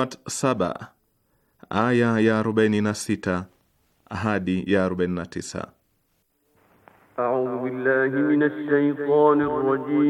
Surat saba aya ya sita hadi ya 49. A'udhu billahi minash shaitani rrajim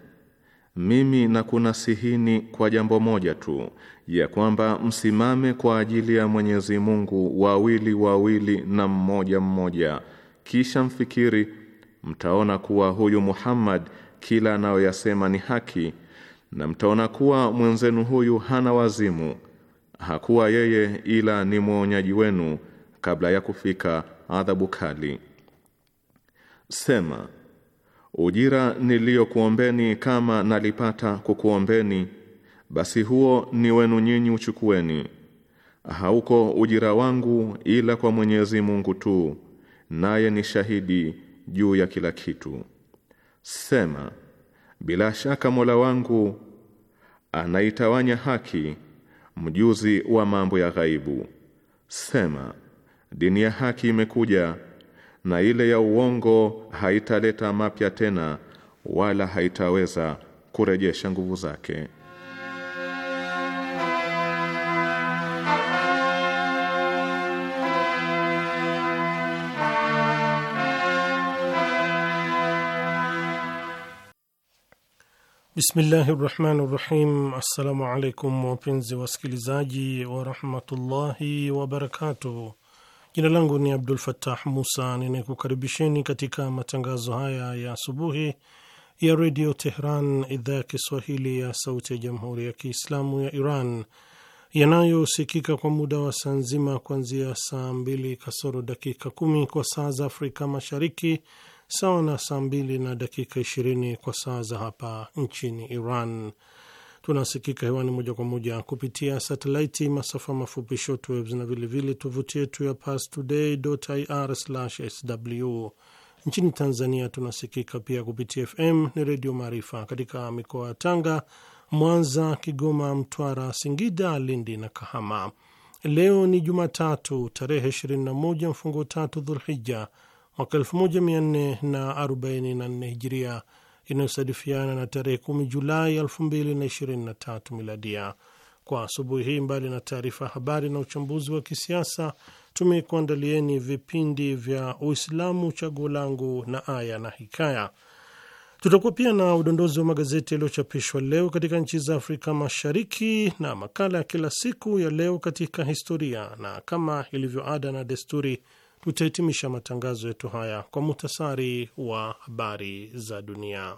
Mimi na kunasihini kwa jambo moja tu, ya kwamba msimame kwa ajili ya Mwenyezi Mungu wawili wawili na mmoja mmoja, kisha mfikiri, mtaona kuwa huyu Muhammad kila anayoyasema ni haki, na mtaona kuwa mwenzenu huyu hana wazimu, hakuwa yeye ila ni mwonyaji wenu kabla ya kufika adhabu kali. Sema, Ujira niliyokuombeni kama nalipata kukuombeni, basi huo ni wenu nyinyi uchukueni. Hauko ujira wangu ila kwa Mwenyezi Mungu tu, naye ni shahidi juu ya kila kitu. Sema, bila shaka Mola wangu anaitawanya haki, mjuzi wa mambo ya ghaibu. Sema, dini ya haki imekuja na ile ya uongo haitaleta mapya tena wala haitaweza kurejesha nguvu zake. Bismillahi rahmani rahim. Assalamu alaikum wapenzi wasikilizaji warahmatullahi wabarakatuh. Jina langu ni Abdul fatah Musa, ninakukaribisheni katika matangazo haya ya asubuhi ya Redio Tehran, idhaa ya Kiswahili ya sauti ya Jamhuri ya Kiislamu ya Iran, yanayosikika kwa muda wa saa nzima kuanzia saa mbili kasoro dakika kumi kwa saa za Afrika Mashariki, sawa na saa mbili na dakika ishirini kwa saa za hapa nchini Iran. Tunasikika hewani moja kwa moja kupitia satelaiti, masafa mafupi shortwaves na vilevile tovuti yetu ya parstoday.ir/sw. Nchini Tanzania tunasikika pia kupitia FM ni Redio Maarifa katika mikoa ya Tanga, Mwanza, Kigoma, Mtwara, Singida, Lindi na Kahama. Leo ni Jumatatu tarehe 21 mfungo tatu Dhulhija mwaka 1444 Hijiria, inayosadifiana na tarehe 10 Julai 2023 miladia. Kwa asubuhi hii, mbali na taarifa habari na uchambuzi wa kisiasa, tumekuandalieni vipindi vya Uislamu, Chaguo Langu na Aya na Hikaya. Tutakuwa pia na udondozi wa magazeti yaliyochapishwa leo katika nchi za Afrika Mashariki na makala ya kila siku ya Leo katika Historia, na kama ilivyo ada na desturi tutahitimisha matangazo yetu haya kwa muhtasari wa habari za dunia.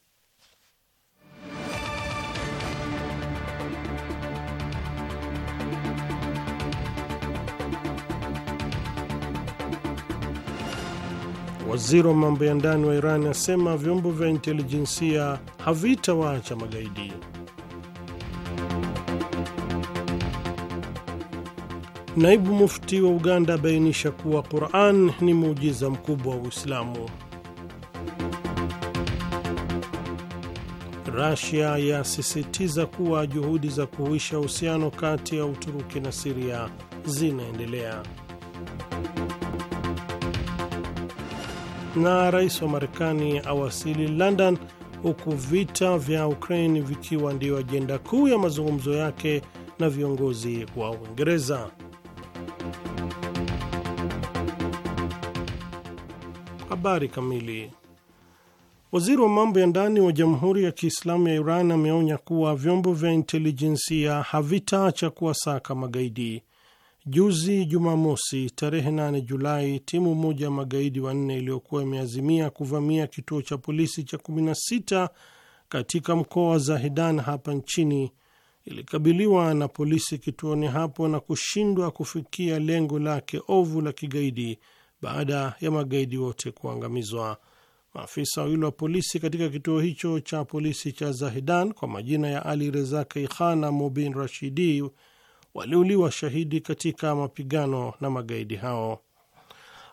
Waziri wa mambo ya ndani wa Iran asema vyombo vya intelijensia havitawaacha magaidi. Naibu mufti wa Uganda abainisha kuwa Quran ni muujiza mkubwa wa Uislamu. Rasia yasisitiza kuwa juhudi za kuhuisha uhusiano kati ya Uturuki na Siria zinaendelea na rais wa Marekani awasili London, huku vita vya Ukraine vikiwa ndiyo ajenda kuu ya mazungumzo yake na viongozi wa Uingereza. Habari kamili. Waziri wa mambo ya ndani wa Jamhuri ya Kiislamu ya Iran ameonya kuwa vyombo vya intelijensia havitaacha kuwasaka magaidi Juzi Jumamosi tarehe 8 Julai, timu moja ya magaidi wanne iliyokuwa imeazimia kuvamia kituo cha polisi cha 16 katika mkoa wa Zahedan hapa nchini ilikabiliwa na polisi kituoni hapo na kushindwa kufikia lengo lake ovu la kigaidi baada ya magaidi wote kuangamizwa. Maafisa wawili wa polisi katika kituo hicho cha polisi cha Zahedan kwa majina ya Ali Reza Keikhana Mubin Rashidi waliuliwa shahidi katika mapigano na magaidi hao.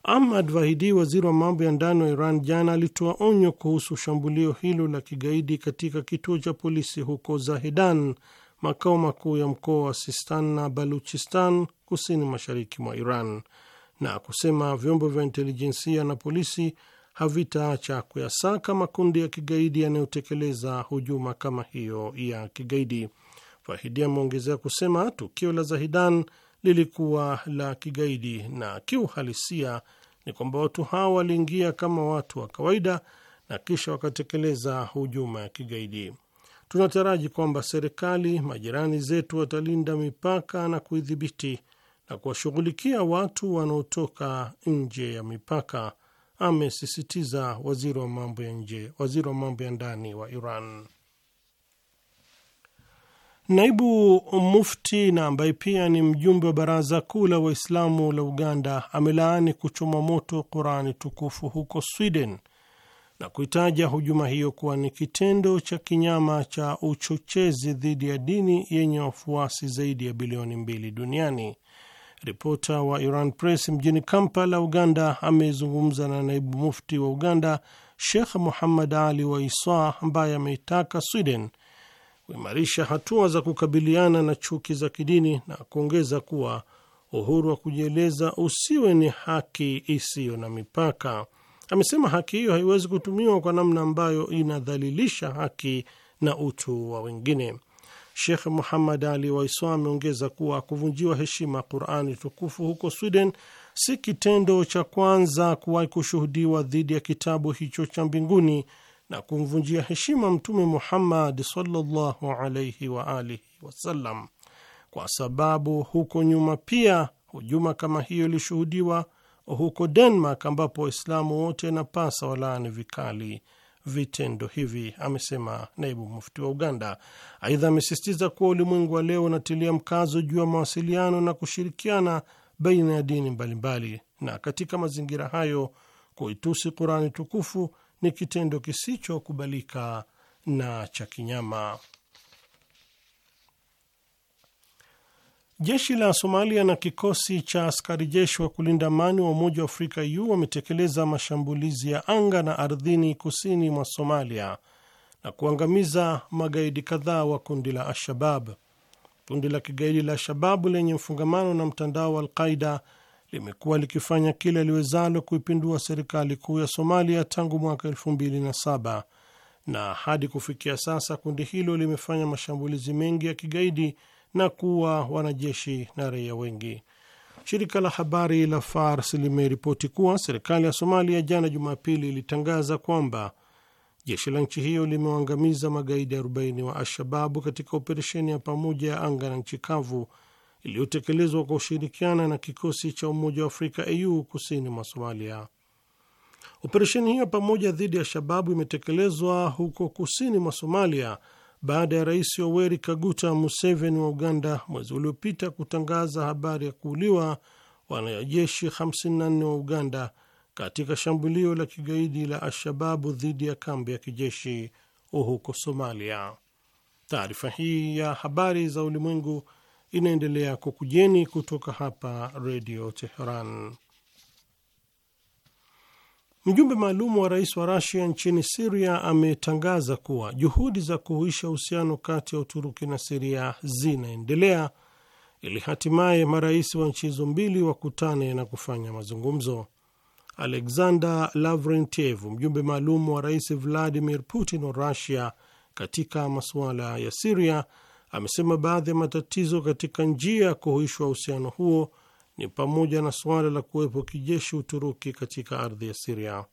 Ahmad Vahidi, waziri wa mambo ya ndani wa Iran, jana alitoa onyo kuhusu shambulio hilo la kigaidi katika kituo cha polisi huko Zahedan, makao makuu ya mkoa wa Sistan na Baluchistan, kusini mashariki mwa Iran, na kusema vyombo vya intelijensia na polisi havitaacha kuyasaka makundi ya kigaidi yanayotekeleza hujuma kama hiyo ya kigaidi. Fahidi ameongezea kusema tukio la Zahidan lilikuwa la kigaidi na kiuhalisia ni kwamba watu hao waliingia kama watu wa kawaida na kisha wakatekeleza hujuma ya kigaidi. Tunataraji kwamba serikali majirani zetu watalinda mipaka na kuidhibiti na kuwashughulikia watu wanaotoka nje ya mipaka, amesisitiza waziri wa mambo ya nje, waziri wa mambo ya ndani wa Iran. Naibu mufti na ambaye pia ni mjumbe wa baraza kuu la Waislamu la Uganda amelaani kuchoma moto Qurani tukufu huko Sweden na kuitaja hujuma hiyo kuwa ni kitendo cha kinyama cha uchochezi dhidi ya dini yenye wafuasi zaidi ya bilioni mbili duniani. Ripota wa Iran Press mjini Kampala, Uganda, amezungumza na naibu mufti wa Uganda shekh Muhammad Ali wa Isa ambaye ameitaka Sweden kuimarisha hatua za kukabiliana na chuki za kidini na kuongeza kuwa uhuru wa kujieleza usiwe ni haki isiyo na mipaka. Amesema haki hiyo haiwezi kutumiwa kwa namna ambayo inadhalilisha haki na utu wa wengine. Shekh Muhammad Ali Waiswa ameongeza kuwa kuvunjiwa heshima Qurani tukufu huko Sweden si kitendo cha kwanza kuwahi kushuhudiwa dhidi ya kitabu hicho cha mbinguni na kumvunjia heshima Mtume Muhammad sallallahu alaihi alihi wasallam, kwa sababu huko nyuma pia hujuma kama hiyo ilishuhudiwa huko Denmark, ambapo Waislamu wote napasa walaani vikali vitendo hivi, amesema naibu mufti wa Uganda. Aidha, amesisitiza kuwa ulimwengu wa leo unatilia mkazo juu ya mawasiliano na kushirikiana baina ya dini mbalimbali, na katika mazingira hayo kuitusi Kurani tukufu ni kitendo kisichokubalika na cha kinyama. Jeshi la Somalia na kikosi cha askari jeshi wa kulinda amani wa Umoja wa Afrika u wametekeleza mashambulizi ya anga na ardhini kusini mwa Somalia na kuangamiza magaidi kadhaa wa kundi la al-shabab Kundi la kigaidi la shababu lenye mfungamano na mtandao wa Alqaida limekuwa likifanya kila liwezalo kuipindua serikali kuu ya Somalia tangu mwaka mbili na hadi kufikia sasa kundi hilo limefanya mashambulizi mengi ya kigaidi na kuwa wanajeshi na raia wengi. Shirika la habari la Fars limeripoti kuwa serikali ya Somalia jana Jumapili ilitangaza kwamba jeshi la nchi hiyo limewaangamiza magaidi 40 wa Alshababu katika operesheni ya pamoja ya anga na nchi kavu iliyotekelezwa kwa ushirikiana na kikosi cha Umoja wa Afrika AU kusini mwa Somalia. Operesheni hiyo pamoja dhidi ya Shababu imetekelezwa huko kusini mwa Somalia baada ya Rais Yoweri Kaguta Museveni wa Uganda mwezi uliopita kutangaza habari ya kuuliwa wanajeshi 54 wa Uganda katika shambulio la kigaidi la Alshababu dhidi ya kambi ya kijeshi huko Somalia. Taarifa hii ya habari za ulimwengu inaendelea kukujeni kutoka hapa Redio Teheran. Mjumbe maalum wa rais wa Rasia nchini Siria ametangaza kuwa juhudi za kuhuisha uhusiano kati ya Uturuki na Siria zinaendelea ili hatimaye marais wa nchi hizo mbili wakutane na kufanya mazungumzo. Alexander Lavrentiev, mjumbe maalum wa rais Vladimir Putin wa Rasia katika masuala ya Siria, amesema baadhi ya matatizo katika njia ya kuhuishwa uhusiano huo ni pamoja na suala la kuwepo kijeshi Uturuki katika ardhi ya Siria.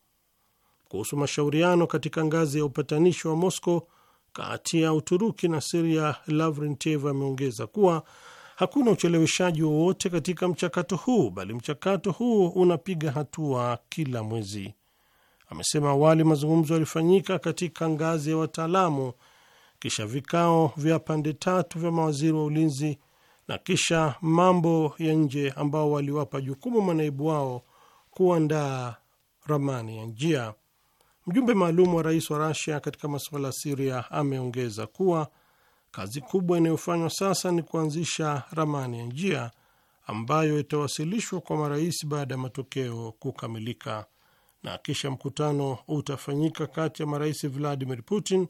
Kuhusu mashauriano katika ngazi ya upatanishi wa Moscow kati ya Uturuki na Siria, Lavrentiev ameongeza kuwa hakuna ucheleweshaji wowote katika mchakato huu, bali mchakato huu unapiga hatua kila mwezi. Amesema awali mazungumzo yalifanyika katika ngazi ya wataalamu kisha vikao vya pande tatu vya mawaziri wa ulinzi na kisha mambo ya nje ambao waliwapa jukumu manaibu wao kuandaa ramani ya njia. Mjumbe maalum wa rais wa Rasia katika masuala ya Siria ameongeza kuwa kazi kubwa inayofanywa sasa ni kuanzisha ramani ya njia ambayo itawasilishwa kwa marais baada ya matokeo kukamilika, na kisha mkutano utafanyika kati ya marais Vladimir Putin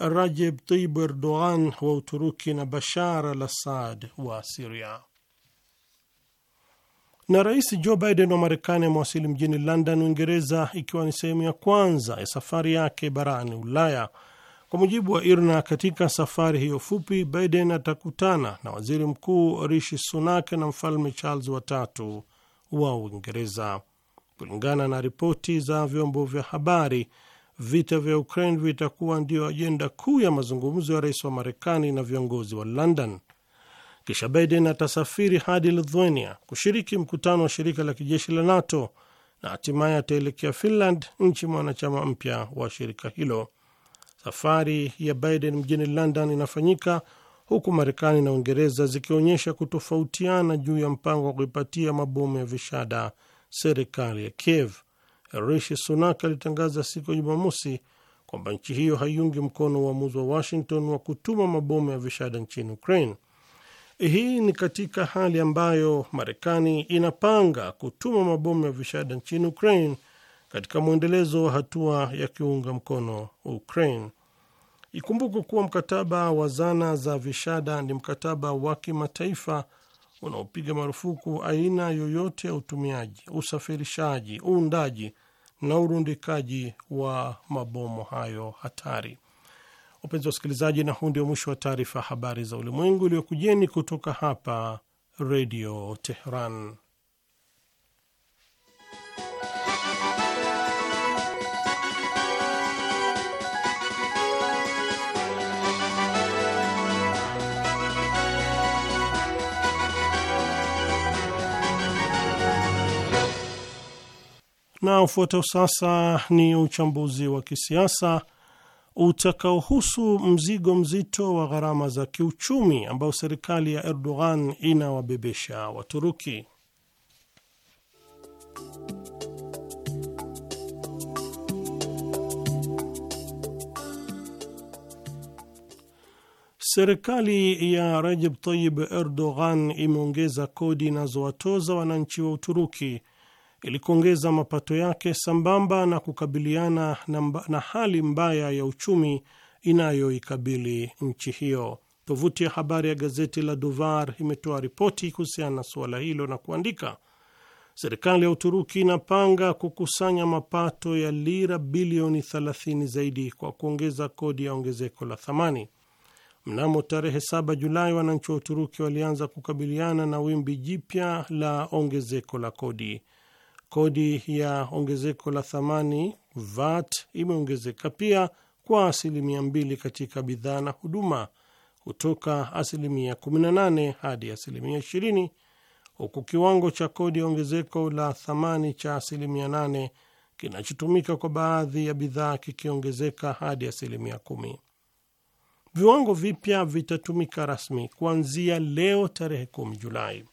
Rajeb Tayyip Erdogan wa Uturuki na Bashar al Assad wa Siria. Na Rais Joe Biden wa Marekani amewasili mjini London, Uingereza, ikiwa ni sehemu ya kwanza ya safari yake barani Ulaya. Kwa mujibu wa IRNA, katika safari hiyo fupi, Biden atakutana na waziri mkuu Rishi Sunak na mfalme Charles watatu wa Uingereza. Kulingana na ripoti za vyombo vya habari vita vya Ukraine vitakuwa ndio ajenda kuu ya mazungumzo ya rais wa Marekani na viongozi wa London. Kisha Biden atasafiri hadi Lithuania kushiriki mkutano wa shirika la kijeshi la NATO na hatimaye ataelekea Finland, nchi mwanachama mpya wa shirika hilo. Safari ya Biden mjini London inafanyika huku Marekani na Uingereza zikionyesha kutofautiana juu ya mpango wa kuipatia mabomu ya vishada serikali ya Kiev. Rishi Sunak alitangaza siku ya Jumamosi kwamba nchi hiyo haiungi mkono uamuzi wa Washington wa kutuma mabomu ya vishada nchini Ukraine. Hii ni katika hali ambayo Marekani inapanga kutuma mabomu ya vishada nchini Ukraine katika mwendelezo wa hatua ya kiunga mkono Ukraine. Ikumbukwe kuwa mkataba wa zana za vishada ni mkataba wa kimataifa unaopiga marufuku aina yoyote ya utumiaji, usafirishaji, uundaji na urundikaji wa mabomu hayo hatari. Wapenzi wa wasikilizaji, na huu ndio mwisho wa taarifa ya habari za ulimwengu iliyokujeni kutoka hapa Redio Teheran. Na ufuatao sasa ni uchambuzi wa kisiasa utakaohusu mzigo mzito wa gharama za kiuchumi ambao serikali ya Erdogan inawabebesha Waturuki. Serikali ya Recep Tayyip Erdogan imeongeza kodi inazowatoza wananchi wa Uturuki ili kuongeza mapato yake sambamba na kukabiliana na, mba, na hali mbaya ya uchumi inayoikabili nchi hiyo. Tovuti ya habari ya gazeti la Duvar imetoa ripoti kuhusiana na suala hilo na kuandika, serikali ya Uturuki inapanga kukusanya mapato ya lira bilioni 30 zaidi kwa kuongeza kodi ya ongezeko la thamani. Mnamo tarehe 7 Julai, wananchi wa Uturuki walianza kukabiliana na wimbi jipya la ongezeko la kodi. Kodi ya ongezeko la thamani VAT imeongezeka pia kwa asilimia mbili katika bidhaa na huduma kutoka asilimia 18 hadi asilimia 20 huku kiwango cha kodi ya ongezeko la thamani cha asilimia 8 kinachotumika kwa baadhi ya bidhaa kikiongezeka hadi asilimia 10. Viwango vipya vitatumika rasmi kuanzia leo tarehe 10 Julai.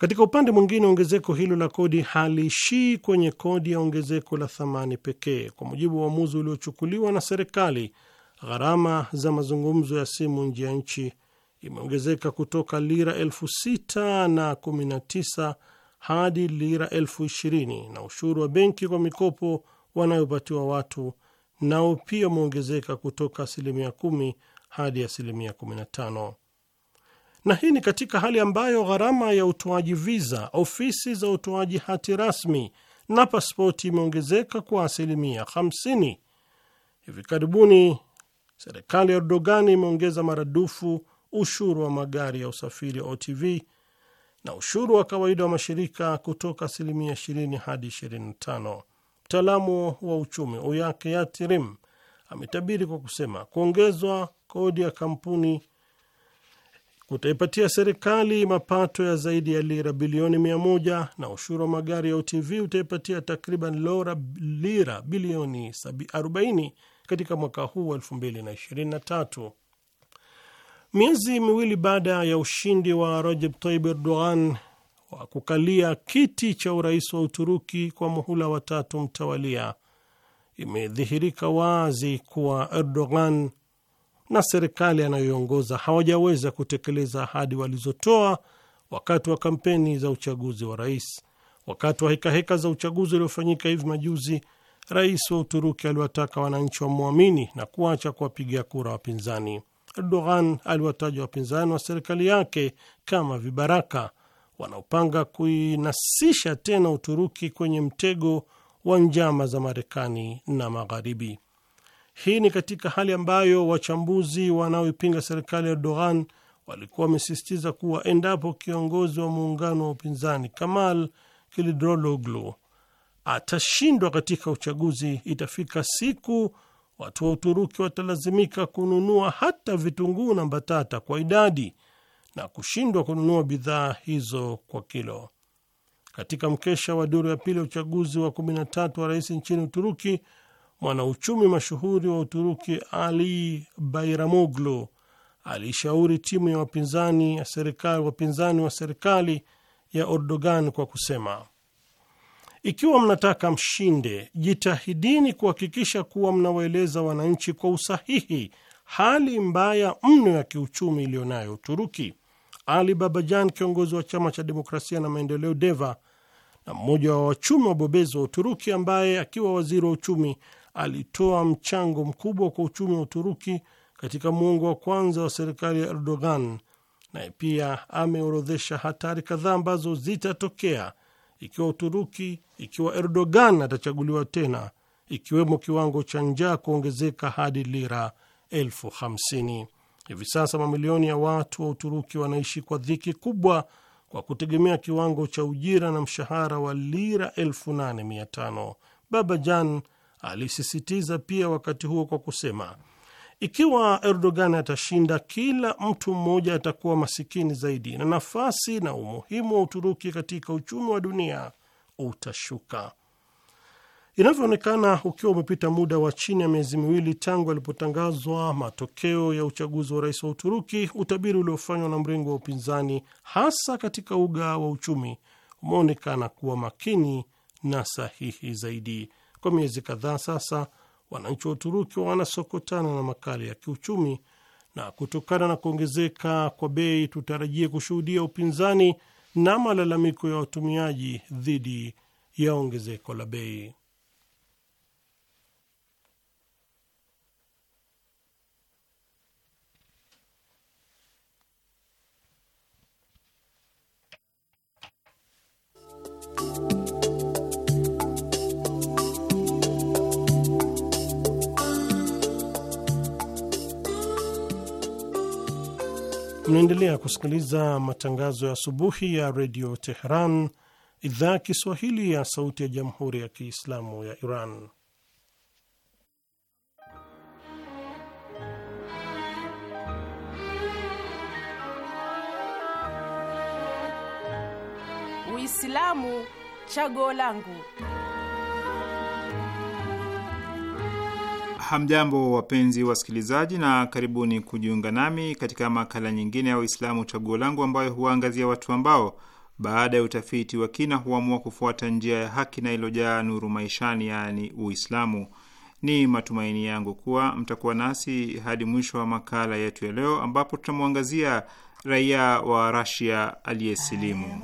Katika upande mwingine, ongezeko hilo la kodi halishii kwenye kodi ya ongezeko la thamani pekee. Kwa mujibu wa uamuzi uliochukuliwa na serikali, gharama za mazungumzo ya simu nje ya nchi imeongezeka kutoka lira elfu sita na kumi na tisa hadi lira elfu ishirini na ushuru wa benki kwa mikopo wanayopatiwa watu nao pia umeongezeka kutoka asilimia kumi hadi asilimia kumi na tano na hii ni katika hali ambayo gharama ya utoaji viza, ofisi za utoaji hati rasmi na paspoti imeongezeka kwa asilimia 50. Hivi karibuni serikali ya Erdogan imeongeza maradufu ushuru wa magari ya usafiri OTV na ushuru wa kawaida wa mashirika kutoka asilimia 20 hadi 25. Mtaalamu wa uchumi Uyake Yatirim ametabiri kwa kusema kuongezwa kodi ya kampuni utaipatia serikali mapato ya zaidi ya lira bilioni mia moja na ushuru wa magari ya UTV utaipatia takriban lora lira bilioni 40 katika mwaka huu wa 2023. Miezi miwili baada ya ushindi wa Recep Tayyip Erdogan wa kukalia kiti cha urais wa Uturuki kwa muhula watatu mtawalia, imedhihirika wazi kuwa Erdogan na serikali anayoongoza hawajaweza kutekeleza ahadi walizotoa wakati wa kampeni za uchaguzi wa rais. Wakati wa hekaheka za uchaguzi uliofanyika hivi majuzi, rais wa Uturuki aliwataka wananchi wamwamini na kuacha kuwapigia kura wapinzani. Erdogan aliwataja wapinzani wa serikali yake kama vibaraka wanaopanga kuinasisha tena Uturuki kwenye mtego wa njama za Marekani na Magharibi. Hii ni katika hali ambayo wachambuzi wanaoipinga serikali ya Erdogan walikuwa wamesisitiza kuwa endapo kiongozi wa muungano wa upinzani Kamal Kilidrologlu atashindwa katika uchaguzi, itafika siku watu wa Uturuki watalazimika kununua hata vitunguu na mbatata kwa idadi na kushindwa kununua bidhaa hizo kwa kilo. Katika mkesha wa duru ya pili ya uchaguzi wa 13 wa rais nchini Uturuki, mwanauchumi mashuhuri wa Uturuki Ali bairamoglo alishauri timu ya wapinzani ya serikali, wapinzani wa serikali ya Erdogan kwa kusema, ikiwa mnataka mshinde, jitahidini kuhakikisha kuwa mnawaeleza wananchi kwa usahihi hali mbaya mno ya kiuchumi iliyonayo Uturuki. Ali Babajan, kiongozi wa chama cha demokrasia na maendeleo Deva na mmoja wa wachumi wabobezi wa Uturuki ambaye akiwa waziri wa uchumi alitoa mchango mkubwa kwa uchumi wa Uturuki katika muongo wa kwanza wa serikali ya Erdogan, naye pia ameorodhesha hatari kadhaa ambazo zitatokea ikiwa Uturuki, ikiwa Erdogan atachaguliwa tena, ikiwemo kiwango cha njaa kuongezeka hadi lira elfu hamsini. Hivi sasa mamilioni ya watu wa Uturuki wanaishi kwa dhiki kubwa kwa kutegemea kiwango cha ujira na mshahara wa lira elfu nane mia tano. Baba Jan Alisisitiza pia wakati huo kwa kusema, ikiwa Erdogan atashinda, kila mtu mmoja atakuwa masikini zaidi na nafasi na umuhimu wa Uturuki katika uchumi wa dunia utashuka. Inavyoonekana, ukiwa umepita muda wa chini ya miezi miwili tangu alipotangazwa matokeo ya uchaguzi wa rais wa Uturuki, utabiri uliofanywa na mrengo wa upinzani, hasa katika uga wa uchumi, umeonekana kuwa makini na sahihi zaidi. Kwa miezi kadhaa sasa, wananchi wa Uturuki wanasokotana na makali ya kiuchumi, na kutokana na kuongezeka kwa bei, tutarajie kushuhudia upinzani na malalamiko ya watumiaji dhidi ya ongezeko la bei. Tunaendelea kusikiliza matangazo ya asubuhi ya redio Teheran, idhaa ya Kiswahili ya sauti ya jamhuri ya Kiislamu ya Iran. Uislamu chaguo langu. Hamjambo, wapenzi wasikilizaji, na karibuni kujiunga nami katika makala nyingine ya Uislamu Chaguo Langu, ambayo huwaangazia watu ambao baada ya utafiti wa kina huamua kufuata njia ya haki na ilojaa nuru maishani, yaani Uislamu. Ni matumaini yangu kuwa mtakuwa nasi hadi mwisho wa makala yetu ya leo, ambapo tutamwangazia raia wa Rasia aliyesilimu.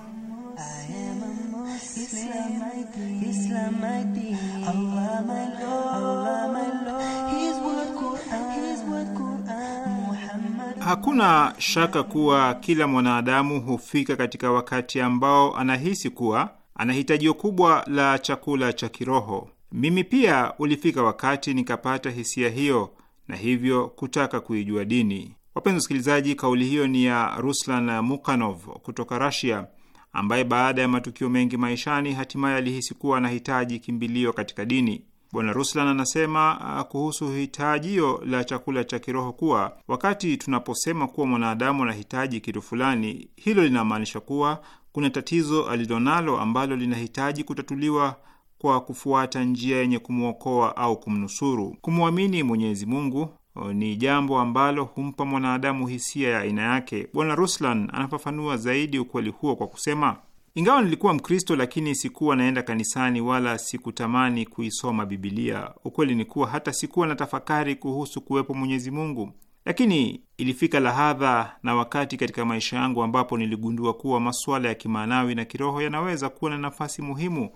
hakuna shaka kuwa kila mwanadamu hufika katika wakati ambao anahisi kuwa ana hitajio kubwa la chakula cha kiroho. Mimi pia ulifika wakati nikapata hisia hiyo na hivyo kutaka kuijua dini. Wapenzi wasikilizaji, kauli hiyo ni ya Ruslan Mukanov kutoka Rasia, ambaye baada ya matukio mengi maishani hatimaye alihisi kuwa anahitaji kimbilio katika dini. Bwana Ruslan anasema ah, kuhusu hitajio la chakula cha kiroho kuwa wakati tunaposema kuwa mwanadamu anahitaji kitu fulani, hilo linamaanisha kuwa kuna tatizo alilonalo ambalo linahitaji kutatuliwa kwa kufuata njia yenye kumwokoa au kumnusuru. Kumwamini Mwenyezi Mungu ni jambo ambalo humpa mwanadamu hisia ya aina yake. Bwana Ruslan anafafanua zaidi ukweli huo kwa kusema ingawa nilikuwa Mkristo, lakini sikuwa naenda kanisani wala sikutamani kuisoma Bibilia. Ukweli ni kuwa hata sikuwa na tafakari kuhusu kuwepo Mwenyezi Mungu, lakini ilifika lahadha na wakati katika maisha yangu ambapo niligundua kuwa masuala ya kimaanawi na kiroho yanaweza kuwa na nafasi muhimu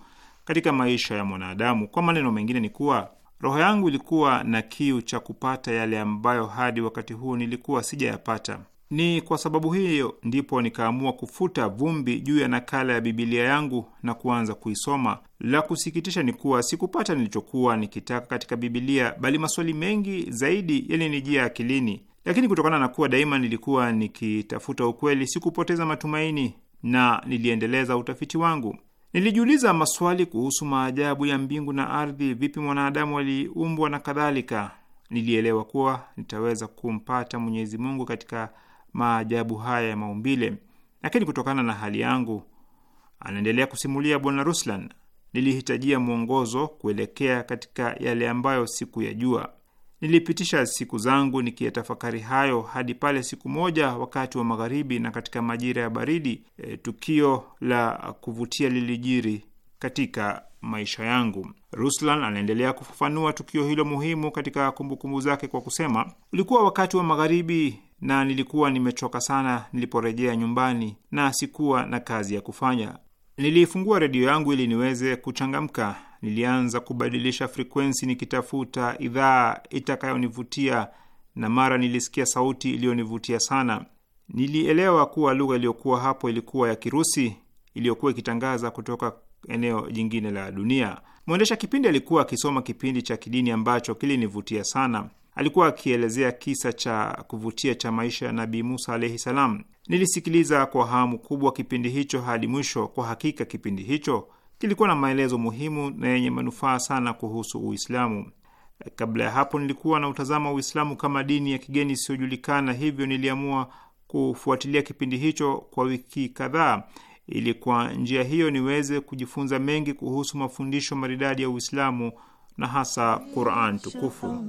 katika maisha ya mwanadamu. Kwa maneno mengine, ni kuwa roho yangu ilikuwa na kiu cha kupata yale ambayo hadi wakati huu nilikuwa sijayapata. Ni kwa sababu hiyo ndipo nikaamua kufuta vumbi juu ya nakala ya Bibilia yangu na kuanza kuisoma. La kusikitisha ni kuwa sikupata nilichokuwa nikitaka katika Bibilia, bali maswali mengi zaidi yalinijia akilini. Lakini kutokana na kuwa daima nilikuwa nikitafuta ukweli, sikupoteza matumaini na niliendeleza utafiti wangu. Nilijiuliza maswali kuhusu maajabu ya mbingu na ardhi, vipi mwanadamu aliumbwa na kadhalika. Nilielewa kuwa nitaweza kumpata Mwenyezi Mungu katika maajabu haya ya maumbile, lakini kutokana na hali yangu, anaendelea kusimulia Bwana Ruslan, nilihitajia mwongozo kuelekea katika yale ambayo sikuyajua. Nilipitisha siku zangu nikiyatafakari hayo hadi pale siku moja wakati wa magharibi na katika majira ya baridi, e, tukio la kuvutia lilijiri katika maisha yangu. Ruslan anaendelea kufafanua tukio hilo muhimu katika kumbukumbu zake kwa kusema, ulikuwa wakati wa magharibi na nilikuwa nimechoka sana niliporejea nyumbani na sikuwa na kazi ya kufanya. Niliifungua redio yangu ili niweze kuchangamka. Nilianza kubadilisha frekwensi nikitafuta idhaa itakayonivutia, na mara nilisikia sauti iliyonivutia sana. Nilielewa kuwa lugha iliyokuwa hapo ilikuwa ya Kirusi iliyokuwa ikitangaza kutoka eneo jingine la dunia. Mwendesha kipindi alikuwa akisoma kipindi cha kidini ambacho kilinivutia sana. Alikuwa akielezea kisa cha kuvutia cha maisha ya Nabii Musa alaihi salam. Nilisikiliza kwa hamu kubwa kipindi hicho hadi mwisho. Kwa hakika kipindi hicho kilikuwa na maelezo muhimu na yenye manufaa sana kuhusu Uislamu. Kabla ya hapo nilikuwa na utazama Uislamu kama dini ya kigeni isiyojulikana, hivyo niliamua kufuatilia kipindi hicho kwa wiki kadhaa, ili kwa njia hiyo niweze kujifunza mengi kuhusu mafundisho maridadi ya Uislamu na hasa Quran tukufu.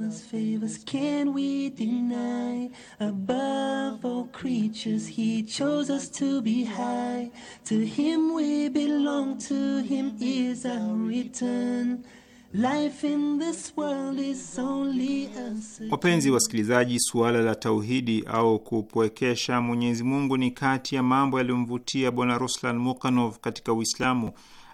Wapenzi wasikilizaji, suala la tauhidi au kupwekesha Mwenyezi Mungu ni kati ya mambo yaliyomvutia Bwana Ruslan Mukanov katika Uislamu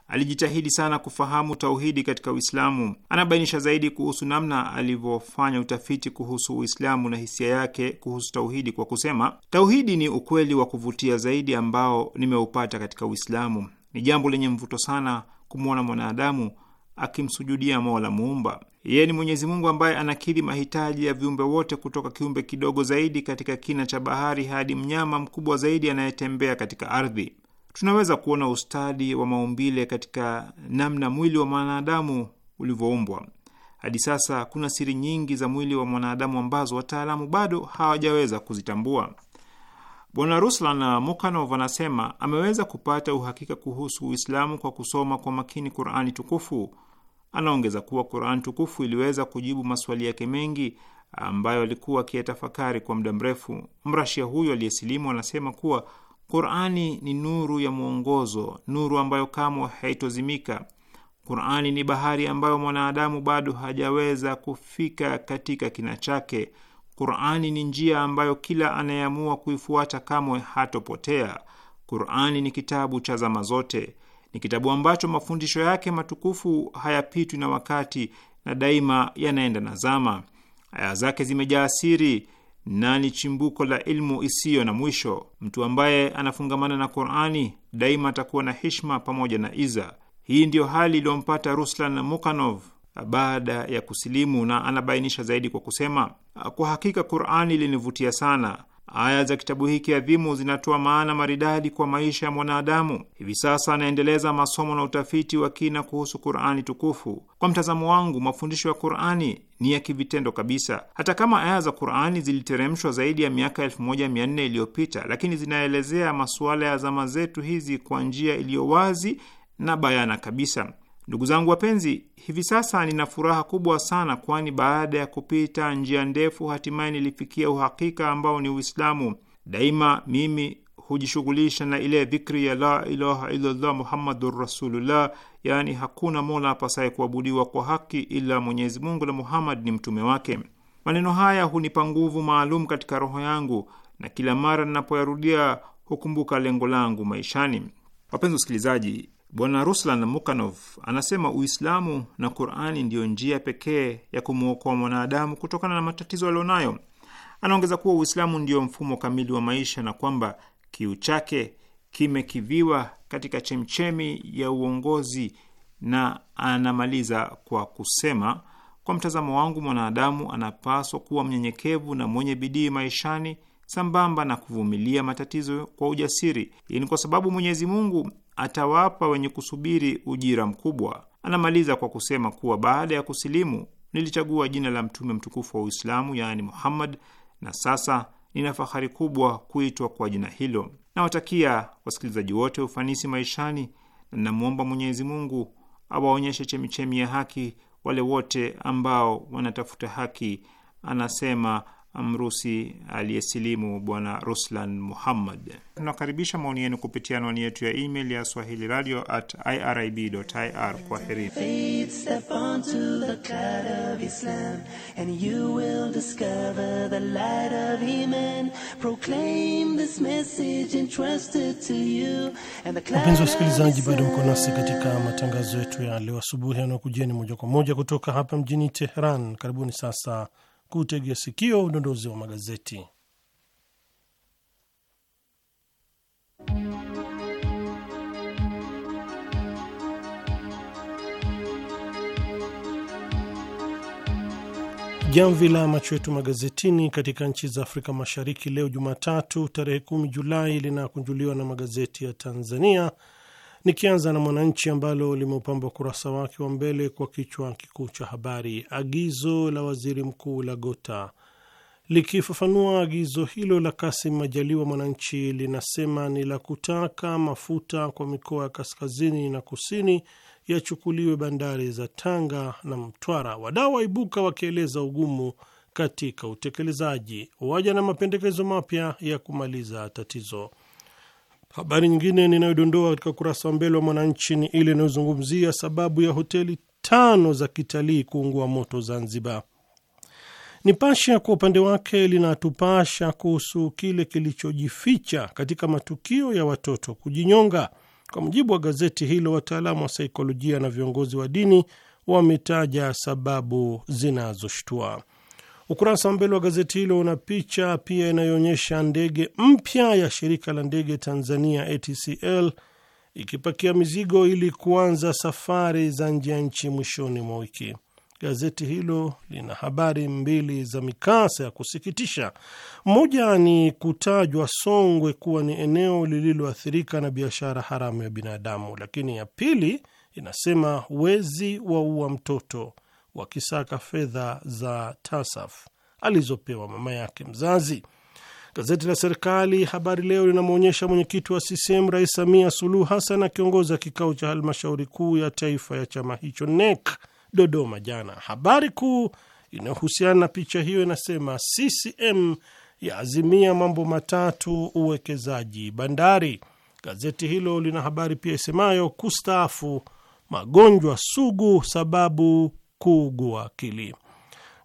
alijitahidi sana kufahamu tauhidi katika Uislamu. Anabainisha zaidi kuhusu namna alivyofanya utafiti kuhusu Uislamu na hisia yake kuhusu tauhidi kwa kusema, tauhidi ni ukweli wa kuvutia zaidi ambao nimeupata katika Uislamu. Ni jambo lenye mvuto sana kumwona mwanadamu akimsujudia Mola Muumba. Yeye ni Mwenyezi Mungu ambaye anakidhi mahitaji ya viumbe wote, kutoka kiumbe kidogo zaidi katika kina cha bahari hadi mnyama mkubwa zaidi anayetembea katika ardhi tunaweza kuona ustadi wa maumbile katika namna mwili wa mwanadamu ulivyoumbwa. Hadi sasa kuna siri nyingi za mwili wa mwanadamu ambazo wataalamu bado hawajaweza kuzitambua. Bwana Ruslan Mukanov anasema ameweza kupata uhakika kuhusu Uislamu kwa kusoma kwa makini Qurani tukufu. Anaongeza kuwa Qurani tukufu iliweza kujibu maswali yake mengi ambayo alikuwa akiyatafakari kwa muda mrefu. mrashia huyo aliyesilimu anasema kuwa Qurani ni nuru ya mwongozo, nuru ambayo kamwe haitozimika. Qurani ni bahari ambayo mwanadamu bado hajaweza kufika katika kina chake. Qurani ni njia ambayo kila anayeamua kuifuata kamwe hatopotea. Qurani ni kitabu cha zama zote, ni kitabu ambacho mafundisho yake matukufu hayapitwi na wakati na daima yanaenda na zama. Aya zake zimejaa siri na ni chimbuko la ilmu isiyo na mwisho. Mtu ambaye anafungamana na Qurani daima atakuwa na hishma pamoja na iza. Hii ndiyo hali iliyompata Ruslan Mukanov baada ya kusilimu, na anabainisha zaidi kwa kusema, kwa hakika Qurani ilinivutia sana Aya za kitabu hiki adhimu zinatoa maana maridadi kwa maisha ya mwanadamu. Hivi sasa anaendeleza masomo na utafiti wa kina kuhusu Qur'ani tukufu. Kwa mtazamo wangu, mafundisho ya Qur'ani ni ya kivitendo kabisa. Hata kama aya za Qur'ani ziliteremshwa zaidi ya miaka 1400 iliyopita, lakini zinaelezea masuala ya zama zetu hizi kwa njia iliyo wazi na bayana kabisa. Ndugu zangu wapenzi, hivi sasa nina furaha kubwa sana, kwani baada ya kupita njia ndefu, hatimaye nilifikia uhakika ambao ni Uislamu. Daima mimi hujishughulisha na ile dhikri ya la ilaha illallah muhammadur rasulullah, yaani hakuna mola apasaye kuabudiwa kwa haki ila Mwenyezi Mungu na Muhammad ni mtume wake. Maneno haya hunipa nguvu maalum katika roho yangu na kila mara ninapoyarudia hukumbuka lengo langu maishani. Wapenzi wasikilizaji, Bwana Ruslan Mukanov anasema Uislamu na Qurani ndiyo njia pekee ya kumwokoa mwanadamu kutokana na matatizo alionayo. Anaongeza kuwa Uislamu ndiyo mfumo kamili wa maisha na kwamba kiu chake kimekiviwa katika chemchemi ya uongozi, na anamaliza kwa kusema, kwa mtazamo wangu, mwanadamu anapaswa kuwa mnyenyekevu na mwenye bidii maishani sambamba na kuvumilia matatizo kwa ujasiri. Hii ni kwa sababu Mwenyezi Mungu atawapa wenye kusubiri ujira mkubwa. Anamaliza kwa kusema kuwa baada ya kusilimu nilichagua jina la mtume mtukufu wa Uislamu, yaani Muhammad, na sasa nina fahari kubwa kuitwa kwa jina hilo. Nawatakia wasikilizaji wote ufanisi maishani na namwomba Mwenyezi Mungu awaonyeshe chemichemi ya haki wale wote ambao wanatafuta haki. Anasema Mrusi aliyesilimu Bwana Ruslan Muhammad. Tunakaribisha maoni yenu kupitia anwani yetu ya email ya swahili radio at irib ir. Kwa heri. Wapenzi wasikilizaji, bado mko nasi katika matangazo yetu ya leo asubuhi yanayokujeni moja kwa moja kutoka hapa mjini Teheran. Karibuni sasa kutegea sikio udondozi wa magazeti. Jamvi la macho yetu magazetini katika nchi za Afrika Mashariki leo Jumatatu tarehe 10 Julai linakunjuliwa na magazeti ya Tanzania Nikianza na Mwananchi ambalo limeupamba ukurasa wake wa mbele kwa kichwa kikuu cha habari, agizo la waziri mkuu la gota Likifafanua agizo hilo la Kasim Majaliwa, Mwananchi linasema ni la kutaka mafuta kwa mikoa ya kaskazini na kusini yachukuliwe bandari za Tanga na Mtwara. Wadau waibuka wakieleza ugumu katika utekelezaji, waja na mapendekezo mapya ya kumaliza tatizo. Habari nyingine ninayodondoa katika ukurasa wa mbele wa Mwananchi ni ile inayozungumzia sababu ya hoteli tano za kitalii kuungua moto Zanzibar. Nipashe kwa upande wake linatupasha kuhusu kile kilichojificha katika matukio ya watoto kujinyonga. Kwa mujibu wa gazeti hilo, wataalamu wa saikolojia na viongozi wa dini wametaja sababu zinazoshtua. Ukurasa wa mbele wa gazeti hilo una picha pia inayoonyesha ndege mpya ya shirika la ndege Tanzania ATCL ikipakia mizigo ili kuanza safari za nje ya nchi mwishoni mwa wiki. Gazeti hilo lina habari mbili za mikasa ya kusikitisha. Moja ni kutajwa Songwe kuwa ni eneo lililoathirika na biashara haramu ya binadamu, lakini ya pili inasema wezi waua mtoto wakisaka fedha za TASAF alizopewa mama yake mzazi. Gazeti la serikali Habari Leo linamwonyesha mwenyekiti wa CCM Rais Samia Suluhu Hassan akiongoza kikao cha halmashauri kuu ya taifa ya chama hicho NEC Dodoma jana. Habari kuu inayohusiana na picha hiyo inasema CCM yaazimia mambo matatu uwekezaji bandari. Gazeti hilo lina habari pia isemayo kustaafu magonjwa sugu sababu kuugua akili.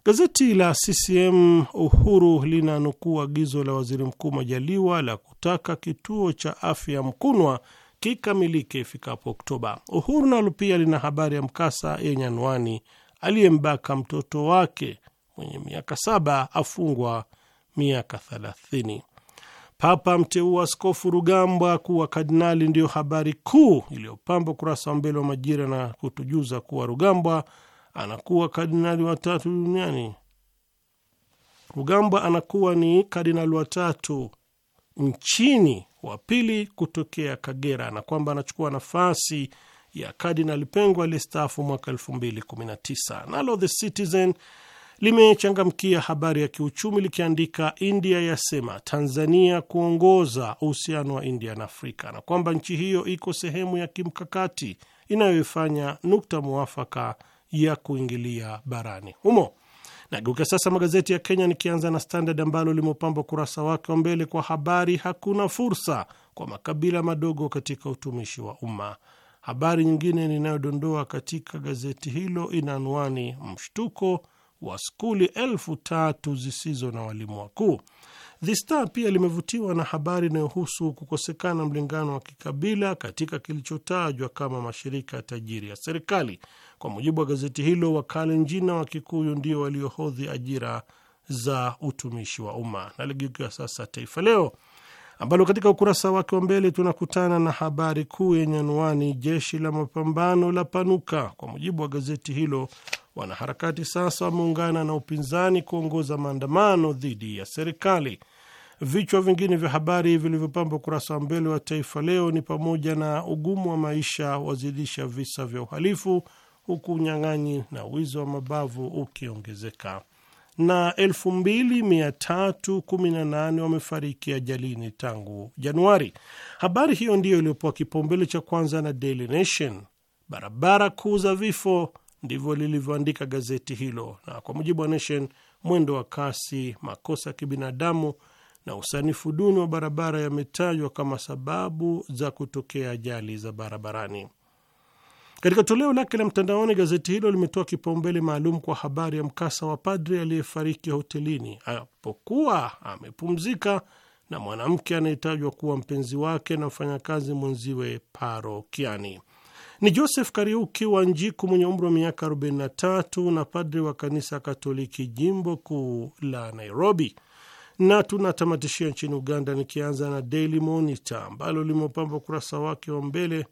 Gazeti la CCM Uhuru linanukuu agizo la waziri mkuu Majaliwa la kutaka kituo cha afya Mkunwa kikamilike ifikapo Oktoba. Uhuru nalo pia lina habari ya mkasa yenye anwani aliyembaka mtoto wake mwenye miaka saba afungwa miaka thelathini. Papa mteua Askofu Rugambwa kuwa kardinali, ndiyo habari kuu iliyopamba ukurasa wa mbele wa Majira na kutujuza kuwa Rugambwa anakuwa kardinali watatu duniani. Rugambwa anakuwa ni kardinali watatu nchini, wa pili kutokea Kagera, na kwamba anachukua nafasi ya kardinali Pengwa aliyestaafu mwaka tisa. Nalo The Citizen limechangamkia habari ya kiuchumi likiandika, India yasema Tanzania kuongoza uhusiano wa India na Afrika, na kwamba nchi hiyo iko sehemu ya kimkakati inayoifanya nukta mwafaka ya kuingilia barani humo. Nageuka sasa magazeti ya Kenya, nikianza na Standard ambalo limepamba ukurasa wake wa mbele kwa habari hakuna fursa kwa makabila madogo katika utumishi wa umma. Habari nyingine ninayodondoa katika gazeti hilo ina anwani mshtuko wa skuli elfu tatu zisizo na walimu wakuu. The Star pia limevutiwa na habari inayohusu kukosekana mlingano wa kikabila katika kilichotajwa kama mashirika tajiri ya serikali. Kwa mujibu wa gazeti hilo, Wakalenjin na Wakikuyu ndio waliohodhi ajira za utumishi wa umma. Naligeukia sasa Taifa Leo ambalo katika ukurasa wake wa mbele tunakutana na habari kuu yenye anwani jeshi la mapambano la panuka. Kwa mujibu wa gazeti hilo, wanaharakati sasa wameungana na upinzani kuongoza maandamano dhidi ya serikali. Vichwa vingine vya habari vilivyopamba ukurasa wa mbele wa Taifa Leo ni pamoja na ugumu wa maisha wazidisha visa vya uhalifu huku unyang'anyi na wizi wa mabavu ukiongezeka na 2318 wamefariki ajalini tangu Januari. Habari hiyo ndiyo iliyopewa kipaumbele cha kwanza na Daily Nation, barabara kuu za vifo, ndivyo lilivyoandika gazeti hilo. Na kwa mujibu wa Nation, mwendo wa kasi, makosa ya kibinadamu na usanifu duni wa barabara yametajwa kama sababu za kutokea ajali za barabarani. Katika toleo lake la mtandaoni, gazeti hilo limetoa kipaumbele maalum kwa habari ya mkasa wa padri aliyefariki hotelini alipokuwa amepumzika na mwanamke anayetajwa kuwa mpenzi wake na mfanyakazi mwenziwe parokiani. Ni Joseph Kariuki wa Njiku mwenye umri wa miaka 43 na padri wa kanisa Katoliki jimbo kuu la Nairobi. Na tunatamatishia nchini Uganda, nikianza na Daily Monitor ambalo limepamba ukurasa wake wa mbele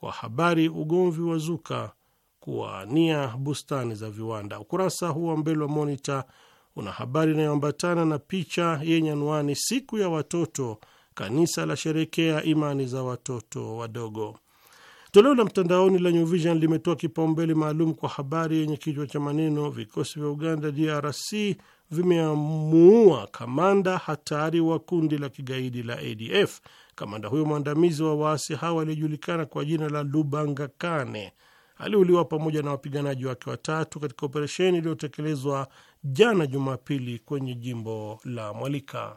kwa habari ugomvi wa zuka kuwania bustani za viwanda. Ukurasa huu wa mbele wa Monita una habari inayoambatana na picha yenye anwani siku ya watoto, kanisa la sherekea imani za watoto wadogo. Toleo la mtandaoni la New Vision limetoa kipaumbele maalum kwa habari yenye kichwa cha maneno vikosi vya Uganda DRC vimeamuua kamanda hatari wa kundi la kigaidi la ADF Kamanda huyo mwandamizi wa waasi hawa aliyejulikana kwa jina la Lubangakane aliuliwa pamoja na wapiganaji wake watatu katika operesheni iliyotekelezwa jana Jumapili kwenye jimbo la Mwalika.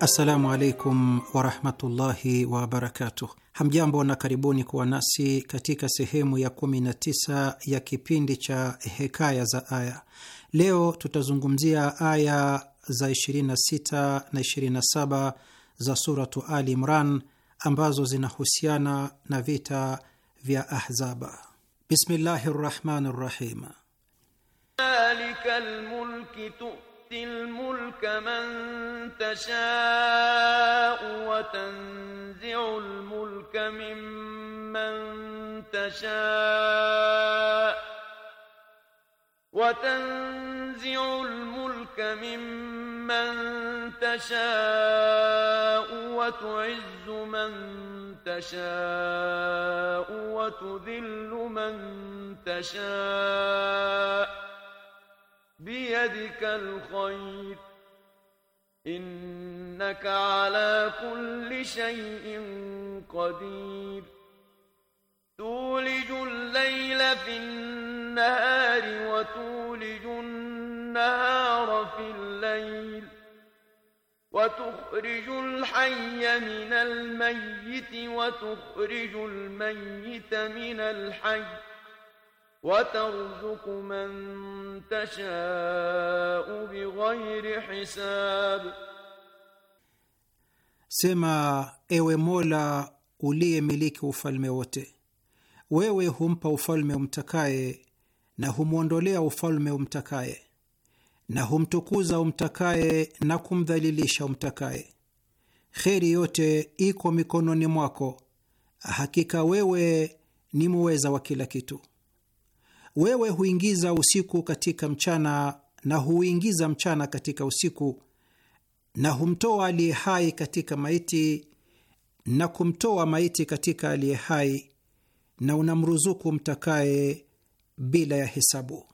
Assalamu alaikum warahmatullahi wabarakatuh. Hamjambo na karibuni kuwa nasi katika sehemu ya 19 ya kipindi cha Hekaya za Aya. Leo tutazungumzia aya za 26 na 27 za Suratu Ali Imran ambazo zinahusiana na vita vya Ahzaba. Bismillahi rahmani rahim. تؤتي الملك من تشاء وتنزع الملك ممن تشاء وتنزع الملك ممن تشاء وتعز من تشاء وتذل من تشاء بيدك الخير إنك على كل شيء قدير تولج الليل في النهار وتولج النهار في الليل وتخرج الحي من الميت وتخرج الميت من الحي وترزق من تشاء bighairi hisab, Sema, ewe Mola uliyemiliki ufalme wote, wewe humpa ufalme umtakaye na humwondolea ufalme umtakaye na humtukuza umtakaye na kumdhalilisha umtakaye. Kheri yote iko mikononi mwako, hakika wewe ni muweza wa kila kitu. Wewe huingiza usiku katika mchana na huingiza mchana katika usiku, na humtoa aliye hai katika maiti na kumtoa maiti katika aliye hai, na unamruzuku mtakaye bila ya hesabu.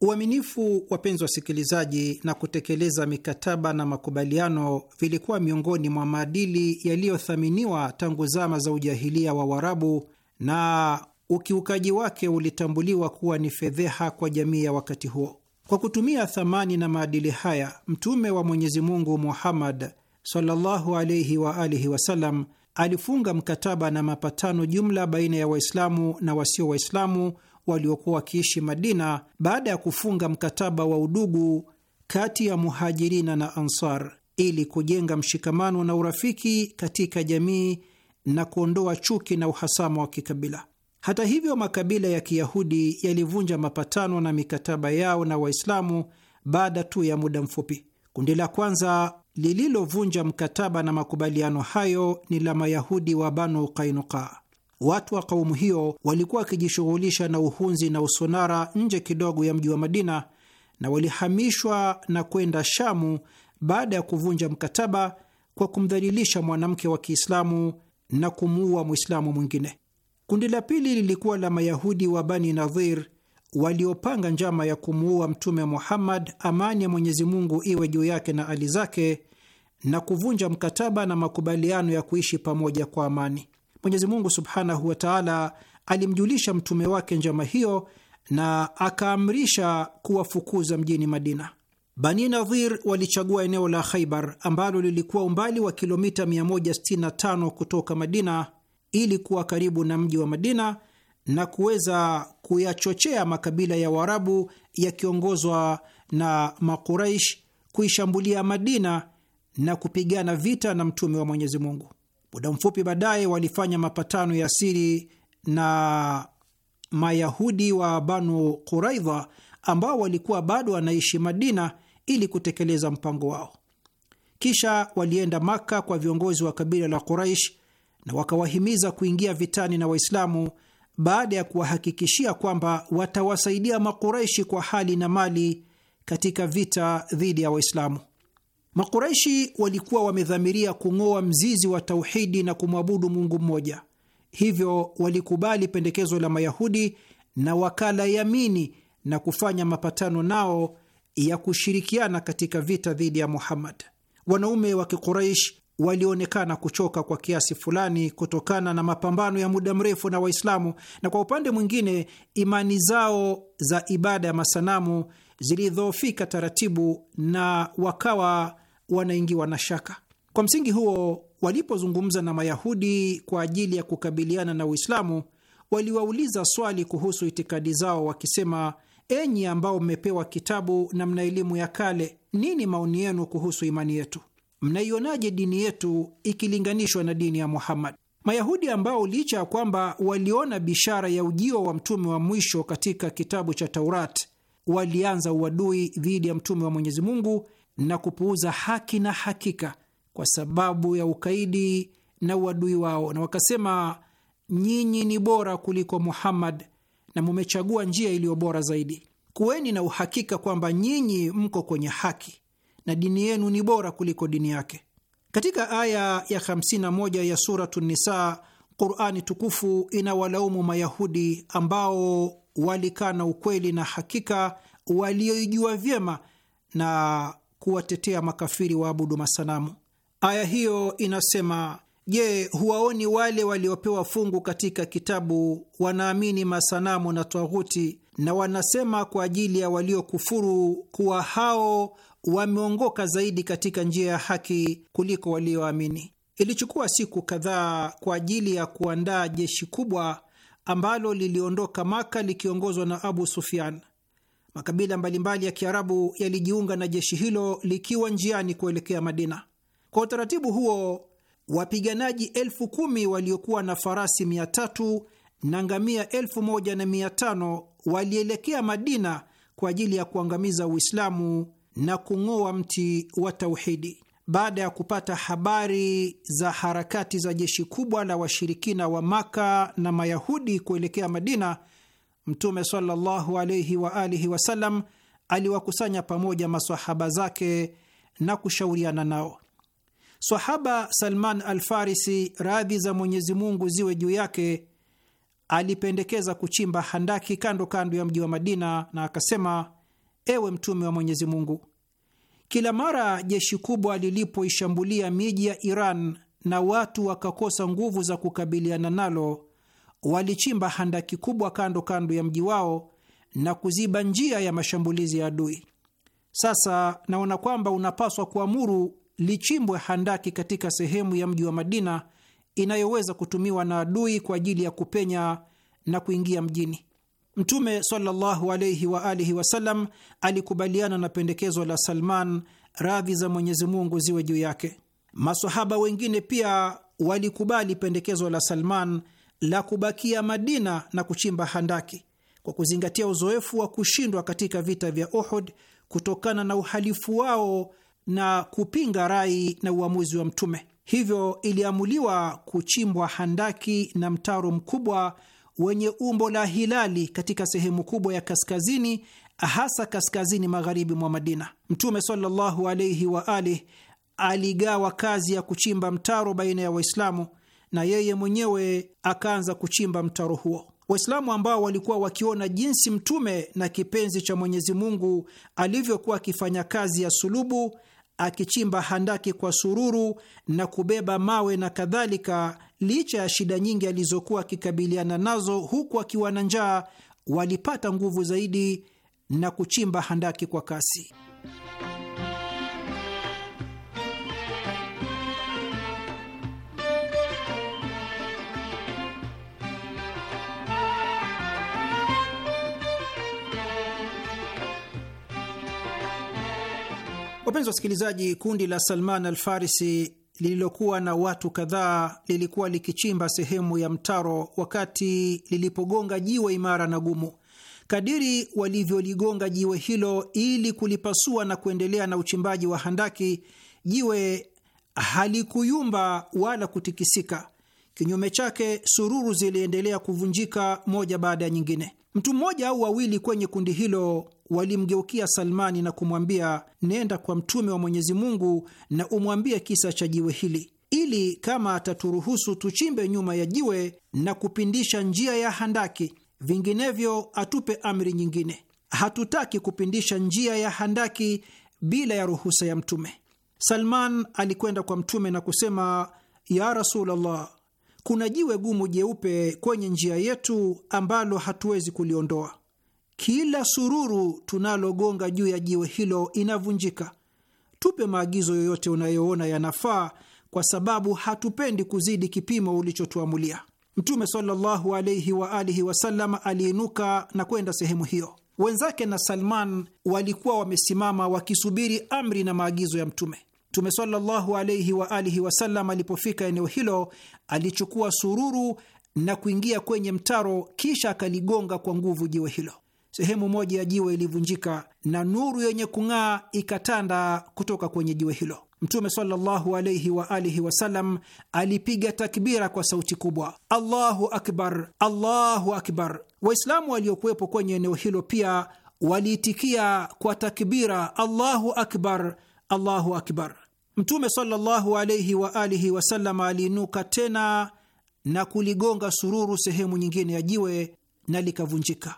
Uaminifu, wapenzi wasikilizaji, na kutekeleza mikataba na makubaliano vilikuwa miongoni mwa maadili yaliyothaminiwa tangu zama za ujahilia wa Warabu na ukiukaji wake ulitambuliwa kuwa ni fedheha kwa jamii ya wakati huo. Kwa kutumia thamani na maadili haya, Mtume wa Mwenyezi Mungu Muhammad sallallahu alayhi wa alihi wasallam alifunga mkataba na mapatano jumla baina ya Waislamu na wasio Waislamu waliokuwa wakiishi Madina baada ya kufunga mkataba wa udugu kati ya Muhajirina na Ansar ili kujenga mshikamano na urafiki katika jamii na kuondoa chuki na uhasama wa kikabila. Hata hivyo, makabila ya Kiyahudi yalivunja mapatano na mikataba yao na Waislamu baada tu ya muda mfupi. Kundi la kwanza lililovunja mkataba na makubaliano hayo ni la Mayahudi wa Banu Kainuka. Watu wa kaumu hiyo walikuwa wakijishughulisha na uhunzi na usonara nje kidogo ya mji wa Madina na walihamishwa na kwenda Shamu baada ya kuvunja mkataba kwa kumdhalilisha mwanamke wa Kiislamu na kumuua Mwislamu mwingine. Kundi la pili lilikuwa la Mayahudi wa Bani Nadhir waliopanga njama ya kumuua Mtume Muhammad, amani ya Mwenyezi Mungu iwe juu yake na ali zake, na kuvunja mkataba na makubaliano ya kuishi pamoja kwa amani. Mwenyezi Mungu subhanahu wa taala alimjulisha mtume wake njama hiyo na akaamrisha kuwafukuza mjini Madina. Bani Nadhir walichagua eneo la Khaibar ambalo lilikuwa umbali wa kilomita 165 kutoka Madina ili kuwa karibu na mji wa Madina na kuweza kuyachochea makabila ya Waarabu yakiongozwa na Makuraish kuishambulia Madina na kupigana vita na mtume wa Mwenyezi Mungu. Muda mfupi baadaye walifanya mapatano ya siri na Mayahudi wa Banu Quraidha ambao walikuwa bado wanaishi Madina ili kutekeleza mpango wao. Kisha walienda Maka kwa viongozi wa kabila la Quraish na wakawahimiza kuingia vitani na Waislamu baada ya kuwahakikishia kwamba watawasaidia Makuraishi kwa hali na mali katika vita dhidi ya Waislamu. Makuraishi walikuwa wamedhamiria kung'oa mzizi wa tauhidi na kumwabudu Mungu mmoja, hivyo walikubali pendekezo la Mayahudi na wakala yamini na kufanya mapatano nao ya kushirikiana katika vita dhidi ya Muhammad. Wanaume wa Kikuraish walionekana kuchoka kwa kiasi fulani kutokana na mapambano ya muda mrefu na Waislamu, na kwa upande mwingine imani zao za ibada ya masanamu zilidhoofika taratibu na wakawa wanaingiwa na shaka. Kwa msingi huo, walipozungumza na Mayahudi kwa ajili ya kukabiliana na Uislamu, waliwauliza swali kuhusu itikadi zao wakisema, enyi ambao mmepewa kitabu na mna elimu ya kale, nini maoni yenu kuhusu imani yetu? mnaionaje dini yetu ikilinganishwa na dini ya Muhammad? Mayahudi ambao licha ya kwamba waliona bishara ya ujio wa mtume wa mwisho katika kitabu cha Taurat, walianza uadui dhidi ya mtume wa Mwenyezi Mungu na kupuuza haki na hakika kwa sababu ya ukaidi na uadui wao, na wakasema, nyinyi ni bora kuliko Muhammad na mumechagua njia iliyo bora zaidi. Kuweni na uhakika kwamba nyinyi mko kwenye haki na dini yenu ni bora kuliko dini yake. Katika aya ya 51 ya Suratu Nisa, Qurani tukufu inawalaumu Mayahudi ambao walikana ukweli na hakika walioijua vyema na kuwatetea makafiri waabudu masanamu. Aya hiyo inasema: Je, huwaoni wale waliopewa fungu katika kitabu wanaamini masanamu na twaguti, na wanasema kwa ajili ya waliokufuru kuwa hao wameongoka zaidi katika njia ya haki kuliko walioamini. Ilichukua siku kadhaa kwa ajili ya kuandaa jeshi kubwa ambalo liliondoka Maka likiongozwa na Abu Sufyan. Makabila mbalimbali ya Kiarabu yalijiunga na jeshi hilo likiwa njiani kuelekea Madina. Kwa utaratibu huo, wapiganaji elfu kumi waliokuwa na farasi mia tatu na ngamia elfu moja na mia tano walielekea Madina kwa ajili ya kuangamiza Uislamu na kung'oa mti wa tauhidi. Baada ya kupata habari za harakati za jeshi kubwa la washirikina wa Maka na Mayahudi kuelekea Madina, Mtume sallallahu wa alihi wasallam aliwakusanya pamoja masahaba zake na kushauriana nao. Sahaba Salman Alfarisi, radhi za Mwenyezi Mungu ziwe juu yake, alipendekeza kuchimba handaki kando kando ya mji wa Madina na akasema, ewe Mtume wa Mwenyezi Mungu, kila mara jeshi kubwa lilipoishambulia miji ya Iran na watu wakakosa nguvu za kukabiliana nalo, walichimba handaki kubwa kando kando ya mji wao na kuziba njia ya mashambulizi ya adui. Sasa naona kwamba unapaswa kuamuru lichimbwe handaki katika sehemu ya mji wa Madina inayoweza kutumiwa na adui kwa ajili ya kupenya na kuingia mjini. Mtume sallallahu alayhi wa alihi wasallam alikubaliana na pendekezo la Salman, radhi za Mwenyezi Mungu ziwe juu yake. Masahaba wengine pia walikubali pendekezo la Salman la kubakia Madina na kuchimba handaki kwa kuzingatia uzoefu wa kushindwa katika vita vya Uhud kutokana na uhalifu wao na kupinga rai na uamuzi wa Mtume. Hivyo iliamuliwa kuchimbwa handaki na mtaro mkubwa wenye umbo la hilali katika sehemu kubwa ya kaskazini, hasa kaskazini magharibi mwa Madina. Mtume sallallahu alaihi wa aligawa kazi ya kuchimba mtaro baina ya Waislamu na yeye mwenyewe akaanza kuchimba mtaro huo. Waislamu ambao walikuwa wakiona jinsi mtume na kipenzi cha Mwenyezi Mungu alivyokuwa akifanya kazi ya sulubu, akichimba handaki kwa sururu na kubeba mawe na kadhalika licha ya shida nyingi alizokuwa akikabiliana nazo huku akiwa na njaa, walipata nguvu zaidi na kuchimba handaki kwa kasi. Wapenzi wasikilizaji, kundi la Salman Alfarisi lililokuwa na watu kadhaa lilikuwa likichimba sehemu ya mtaro wakati lilipogonga jiwe imara na gumu. Kadiri walivyoligonga jiwe hilo ili kulipasua na kuendelea na uchimbaji wa handaki, jiwe halikuyumba wala kutikisika. Kinyume chake, sururu ziliendelea kuvunjika moja baada ya nyingine. Mtu mmoja au wawili kwenye kundi hilo walimgeukia Salmani na kumwambia, nenda kwa mtume wa Mwenyezi Mungu na umwambie kisa cha jiwe hili, ili kama ataturuhusu tuchimbe nyuma ya jiwe na kupindisha njia ya handaki, vinginevyo atupe amri nyingine. Hatutaki kupindisha njia ya handaki bila ya ruhusa ya mtume. Salman alikwenda kwa mtume na kusema, ya Rasulullah, kuna jiwe gumu jeupe kwenye njia yetu ambalo hatuwezi kuliondoa. Kila sururu tunalogonga juu ya jiwe hilo inavunjika. Tupe maagizo yoyote unayoona yanafaa, kwa sababu hatupendi kuzidi kipimo ulichotuamulia. Mtume sallallahu wa alihi wasallam aliinuka na kwenda sehemu hiyo. Wenzake na Salman walikuwa wamesimama wakisubiri amri na maagizo ya Mtume. Mtume sallallahu wa alihi wasallam alipofika eneo hilo, alichukua sururu na kuingia kwenye mtaro, kisha akaligonga kwa nguvu jiwe hilo sehemu moja ya jiwe ilivunjika na nuru yenye kung'aa ikatanda kutoka kwenye jiwe hilo. Mtume sallallahu alayhi wa alihi wasallam alipiga takbira kwa sauti kubwa, Allahu akbar, Allahu akbar. Waislamu waliokuwepo kwenye eneo hilo pia waliitikia kwa takbira, Allahu akbar, Allahu akbar. Mtume sallallahu alayhi wa alihi wasallam aliinuka tena na kuligonga sururu sehemu nyingine ya jiwe na likavunjika.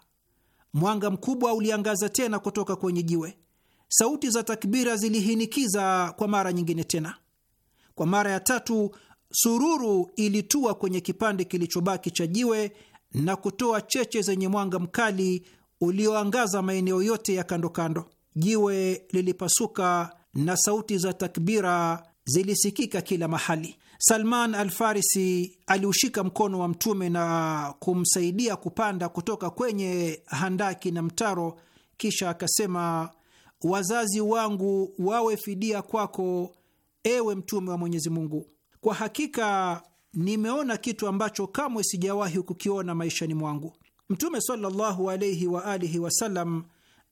Mwanga mkubwa uliangaza tena kutoka kwenye jiwe. Sauti za takbira zilihinikiza kwa mara nyingine tena. Kwa mara ya tatu, sururu ilitua kwenye kipande kilichobaki cha jiwe na kutoa cheche zenye mwanga mkali ulioangaza maeneo yote ya kando kando. Jiwe lilipasuka na sauti za takbira zilisikika kila mahali. Salman al Farisi aliushika mkono wa Mtume na kumsaidia kupanda kutoka kwenye handaki na mtaro, kisha akasema, wazazi wangu wawe fidia kwako, ewe Mtume wa Mwenyezi Mungu. Kwa hakika nimeona kitu ambacho kamwe sijawahi kukiona maishani mwangu. Mtume sallallahu alaihi wa alihi wasallam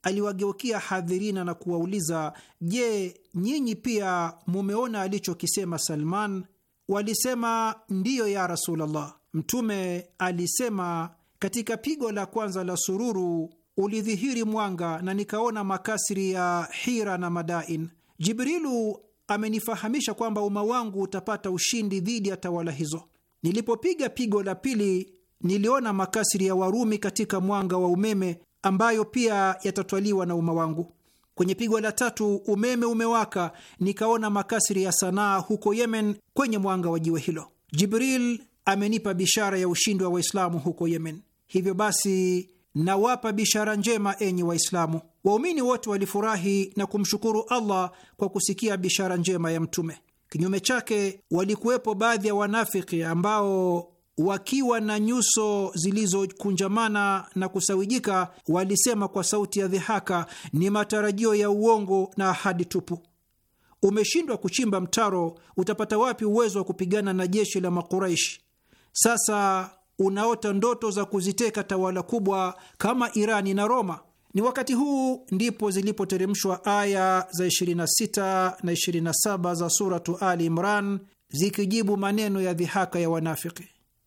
aliwageukia hadhirina na kuwauliza, je, nyinyi pia mumeona alichokisema Salman Walisema ndiyo ya Rasulullah. Mtume alisema, katika pigo la kwanza la sururu ulidhihiri mwanga na nikaona makasri ya Hira na Madain. Jibrilu amenifahamisha kwamba umma wangu utapata ushindi dhidi ya tawala hizo. Nilipopiga pigo la pili, niliona makasri ya Warumi katika mwanga wa umeme, ambayo pia yatatwaliwa na umma wangu. Kwenye pigwa la tatu umeme umewaka, nikaona makasri ya Sanaa huko Yemen kwenye mwanga wa jiwe hilo. Jibril amenipa bishara ya ushindi wa Waislamu huko Yemen. Hivyo basi nawapa bishara njema, enyi Waislamu. Waumini wote walifurahi na kumshukuru Allah kwa kusikia bishara njema ya Mtume. Kinyume chake, walikuwepo baadhi ya wanafiki ambao wakiwa na nyuso zilizokunjamana na kusawijika, walisema kwa sauti ya dhihaka, ni matarajio ya uongo na ahadi tupu. Umeshindwa kuchimba mtaro, utapata wapi uwezo wa kupigana na jeshi la Makuraishi? Sasa unaota ndoto za kuziteka tawala kubwa kama Irani na Roma. Ni wakati huu ndipo zilipoteremshwa aya za 26 na 27 za Suratu Ali Imran zikijibu maneno ya dhihaka ya wanafiki.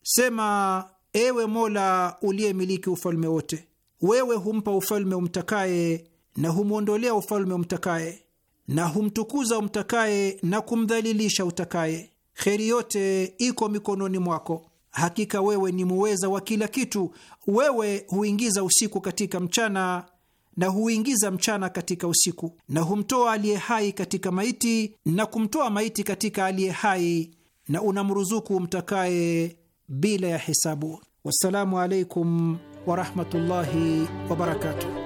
Sema, ewe Mola uliyemiliki ufalme wote, wewe humpa ufalme umtakaye na humwondolea ufalme umtakaye na humtukuza umtakaye na kumdhalilisha utakaye. Kheri yote iko mikononi mwako. Hakika wewe ni muweza wa kila kitu. Wewe huingiza usiku katika mchana na huingiza mchana katika usiku, na humtoa aliye hai katika maiti na kumtoa maiti katika aliye hai, na unamruzuku umtakaye bila ya hisabu. Wassalamu alaikum warahmatullahi wabarakatuh.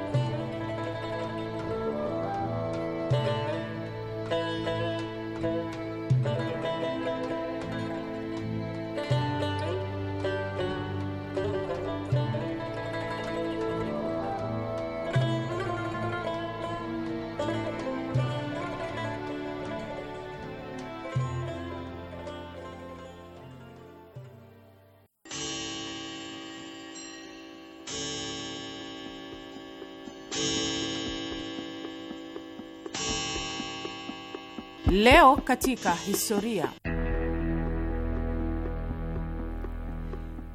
Leo katika historia.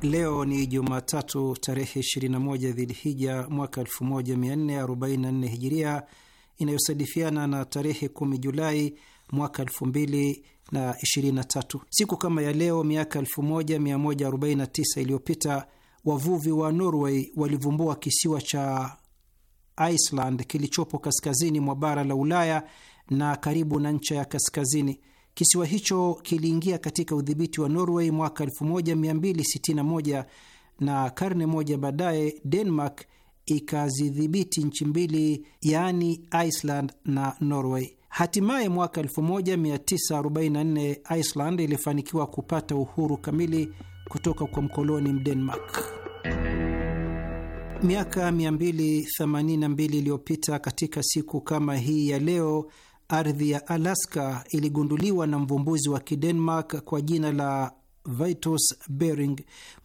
Leo ni Jumatatu tarehe 21 Dhilhija mwaka 1444 Hijiria, inayosadifiana na tarehe 10 Julai mwaka 2023. Siku kama ya leo miaka 1149 iliyopita wavuvi wa Norway walivumbua kisiwa cha Iceland kilichopo kaskazini mwa bara la Ulaya na karibu na ncha ya kaskazini. Kisiwa hicho kiliingia katika udhibiti wa Norway mwaka 1261 na karne moja baadaye Denmark ikazidhibiti nchi mbili, yaani Iceland na Norway. Hatimaye mwaka 1944 Iceland ilifanikiwa kupata uhuru kamili kutoka kwa mkoloni Mdenmark. Miaka 282 iliyopita katika siku kama hii ya leo ardhi ya Alaska iligunduliwa na mvumbuzi wa Kidenmark kwa jina la Vitus Bering.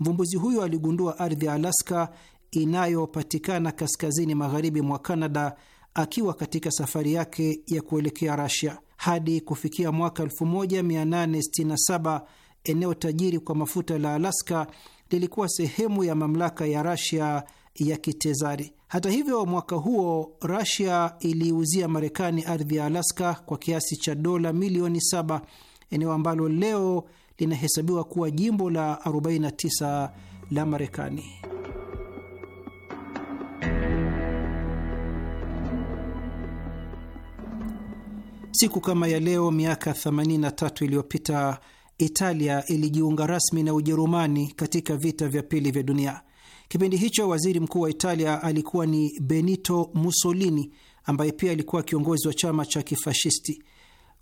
Mvumbuzi huyo aligundua ardhi ya Alaska inayopatikana kaskazini magharibi mwa canada akiwa katika safari yake ya kuelekea Rasia. Hadi kufikia mwaka 1867 eneo tajiri kwa mafuta la Alaska lilikuwa sehemu ya mamlaka ya Rasia ya kitezari. Hata hivyo, mwaka huo rasia iliiuzia Marekani ardhi ya Alaska kwa kiasi cha dola milioni saba, eneo ambalo leo linahesabiwa kuwa jimbo la 49 la Marekani. Siku kama ya leo miaka 83 iliyopita Italia ilijiunga rasmi na Ujerumani katika vita vya pili vya dunia. Kipindi hicho waziri mkuu wa Italia alikuwa ni Benito Mussolini, ambaye pia alikuwa kiongozi wa chama cha kifashisti.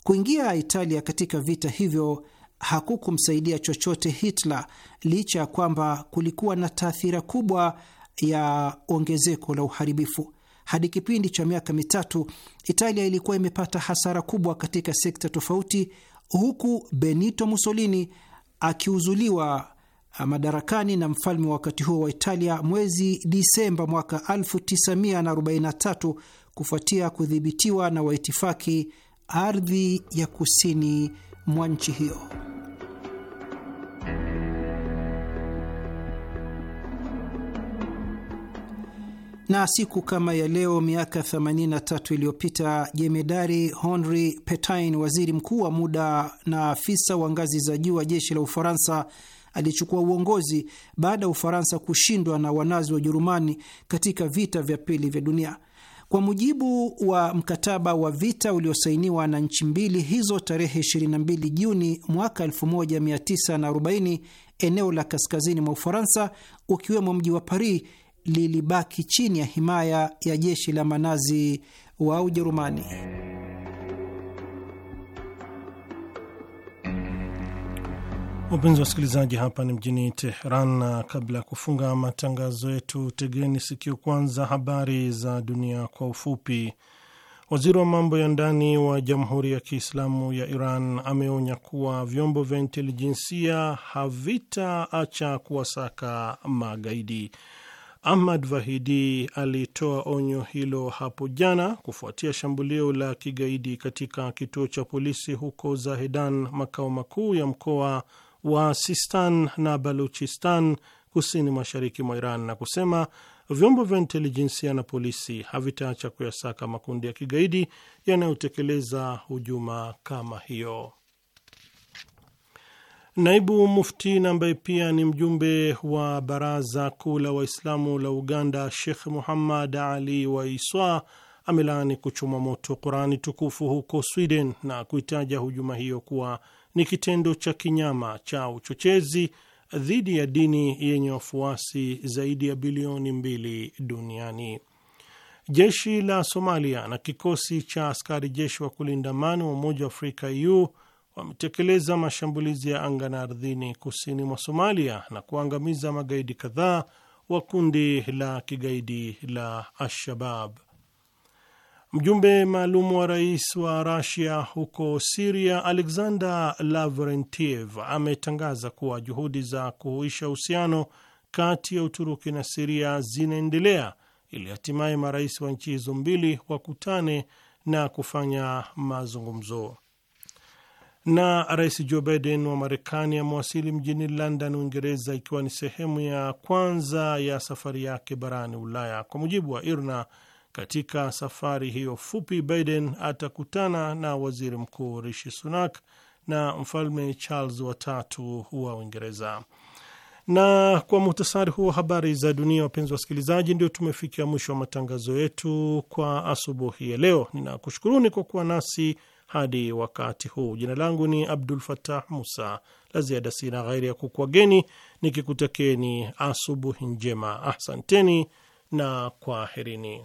Kuingia Italia katika vita hivyo hakukumsaidia chochote Hitler, licha ya kwamba kulikuwa na taathira kubwa ya ongezeko la uharibifu. Hadi kipindi cha miaka mitatu, Italia ilikuwa imepata hasara kubwa katika sekta tofauti, huku Benito Mussolini akiuzuliwa madarakani na mfalme wa wakati huo wa Italia mwezi Disemba mwaka 1943 kufuatia kudhibitiwa na waitifaki ardhi ya kusini mwa nchi hiyo. Na siku kama ya leo miaka 83 iliyopita jemedari Henri Petain, waziri mkuu wa muda na afisa wa ngazi za juu wa jeshi la Ufaransa alichukua uongozi baada ya Ufaransa kushindwa na wanazi wa Ujerumani katika vita vya pili vya dunia. Kwa mujibu wa mkataba wa vita uliosainiwa na nchi mbili hizo tarehe 22 Juni mwaka 1940, eneo la kaskazini mwa Ufaransa ukiwemo mji wa Paris lilibaki chini ya himaya ya jeshi la manazi wa Ujerumani. Wapenzi wasikilizaji, hapa ni mjini Teheran, na kabla ya kufunga matangazo yetu, tegeni sikio kwanza habari za dunia kwa ufupi. Waziri wa mambo ya ndani wa Jamhuri ya Kiislamu ya Iran ameonya kuwa vyombo vya intelijensia havitaacha kuwasaka magaidi. Ahmad Vahidi alitoa onyo hilo hapo jana kufuatia shambulio la kigaidi katika kituo cha polisi huko Zahedan, makao makuu ya mkoa wa Sistan na Baluchistan kusini mashariki mwa Iran na kusema vyombo vya intelijensia na polisi havitaacha kuyasaka makundi ya kigaidi yanayotekeleza hujuma kama hiyo. Naibu Mufti na ambaye pia ni mjumbe wa Baraza Kuu la Waislamu la Uganda, Shekh Muhammad Ali Waiswa amelaani kuchoma moto Qurani tukufu huko Sweden na kuitaja hujuma hiyo kuwa ni kitendo cha kinyama cha uchochezi dhidi ya dini yenye wafuasi zaidi ya bilioni mbili duniani. Jeshi la Somalia na kikosi cha askari jeshi wa kulinda amani wa Umoja wa Afrika u wametekeleza mashambulizi ya anga na ardhini kusini mwa Somalia na kuangamiza magaidi kadhaa wa kundi la kigaidi la Al-Shabab. Mjumbe maalum wa rais wa Rasia huko Siria, Alexander Lavrentiev, ametangaza kuwa juhudi za kuhuisha uhusiano kati ya Uturuki na Siria zinaendelea ili hatimaye marais wa nchi hizo mbili wakutane na kufanya mazungumzo. Na rais Joe Biden wa Marekani amewasili mjini London, Uingereza, ikiwa ni sehemu ya kwanza ya safari yake barani Ulaya. Kwa mujibu wa IRNA, katika safari hiyo fupi, Biden atakutana na waziri mkuu Rishi Sunak na mfalme Charles watatu wa Uingereza. Na kwa muhtasari huo habari za dunia, wapenzi wa wasikilizaji, ndio tumefikia mwisho wa matangazo yetu kwa asubuhi ya leo. Ninakushukuruni kwa kuwa nasi hadi wakati huu. Jina langu ni Abdul Fatah Musa. La ziada sina ghairi ya kukwageni nikikutakeni asubuhi njema. Ahsanteni na kwaherini.